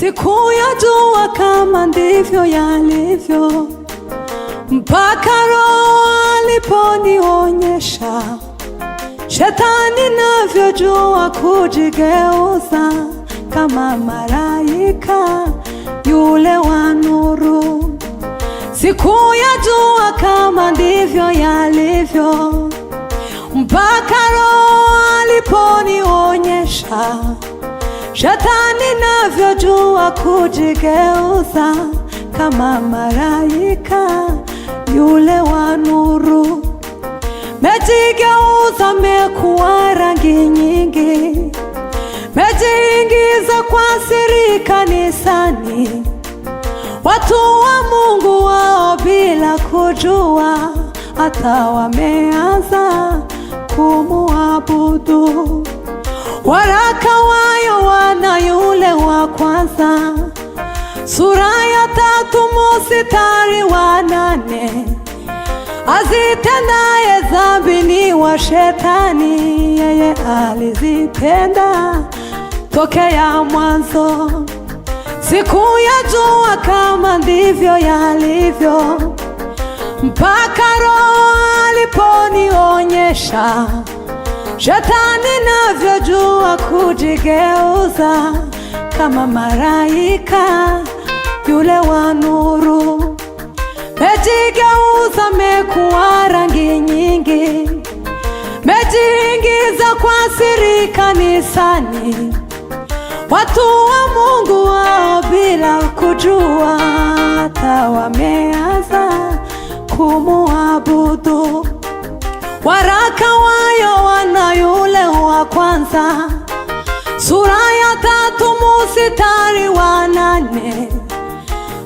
Sikuyajua kama ndivyo yalivyo mpaka Roho aliponionyesha Shetani navyojua kujigeuza kama malaika yule wa nuru. Sikuyajua kama ndivyo yalivyo mpaka Roho Shetani navyojua kujigeuza kama malaika yule wa nuru, mejigeuza mekuwa rangi nyingi, mejiingiza kwa siri kanisani, watu wa Mungu wao bila kujua, hata wameanza kumuabudu waraka wa Yohana yule wa kwanza sura ya tatu mstari wa nane azitendaye dhambi ni wa Shetani, yeye alizitenda tokea mwanzo. Siku ya jua kama ndivyo yalivyo, mpaka Roho aliponionyesha Shetani navyojua kujigeuza kama maraika yule wa nuru, mejigeuza mekuwa rangi nyingi, mejiingiza kwa siri kanisani, watu wa Mungu wao bila kujua, hata wameanza kumuabudu Waraka wa Yohana yule wa kwanza sura ya tatu musitari wa nane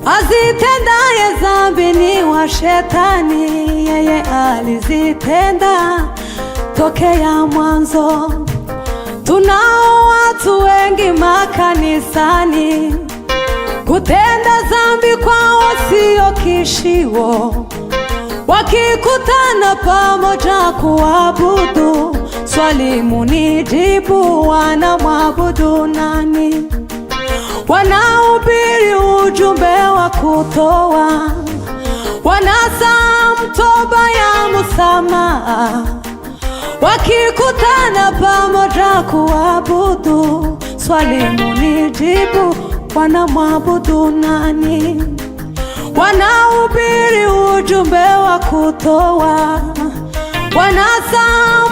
azitendaye zambi ni wa Shetani, yeye alizitenda tokea mwanzo. Tunao watu wengi makanisani kutenda zambi kwao sio kishiwo wakikutana pamoja kuabudu, swali munijibu, mwabudu nani? Wanahubiri ujumbe wa kutoa, wanasa mtoba ya msamaha, wakikutana pamoja kuabudu, swali munijibu, mwabudu nani? wanahubiri kutoa wanasa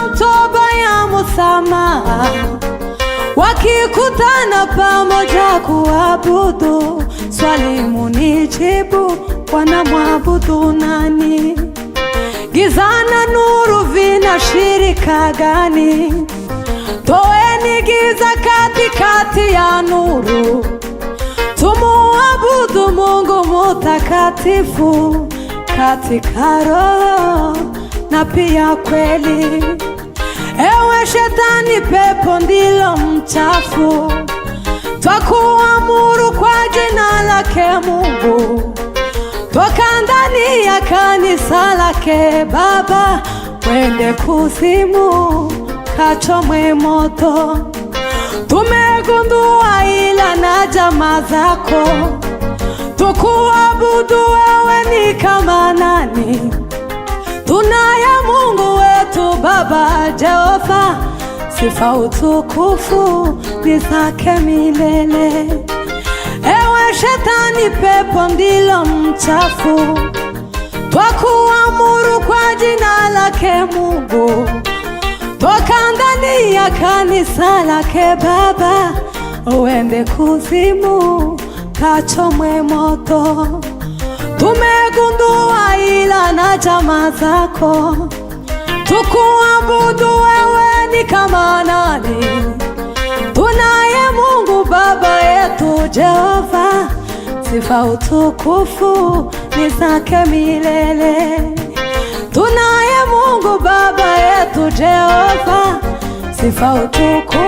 mtoba ya musama wakikutana pamoja kuabudu, swali munijibu, mwabudu nani? gizana nuru vina shirika gani? Toeni giza katikati ya nuru, tumuabudu Mungu mutakatifu katika roho na pia kweli. Ewe shetani, pepo ndilo mchafu, twakuamuru kwa jina lake Mungu, toka ndani ya kanisa lake Baba, wende kuzimu, kachomwe moto. Tumegundua ila na jamaa zako kuabudu wewe ni kama nani? Mungu wetu Baba Jehova, sifa utukufu ni zake milele. Ewe shetani, pepo ndilo mchafu, twakuamuru kwa jina lake Mungu, toka ndani ya kanisa lake Baba uende kuzimu ukachomwe moto. Tumegundua ila na jamaa zako, tukuabudu wewe ni kama nani? Tunaye Mungu baba yetu Jehova, sifa utukufu ni zake milele. Tunaye Mungu baba yetu Jehova, sifa utukufu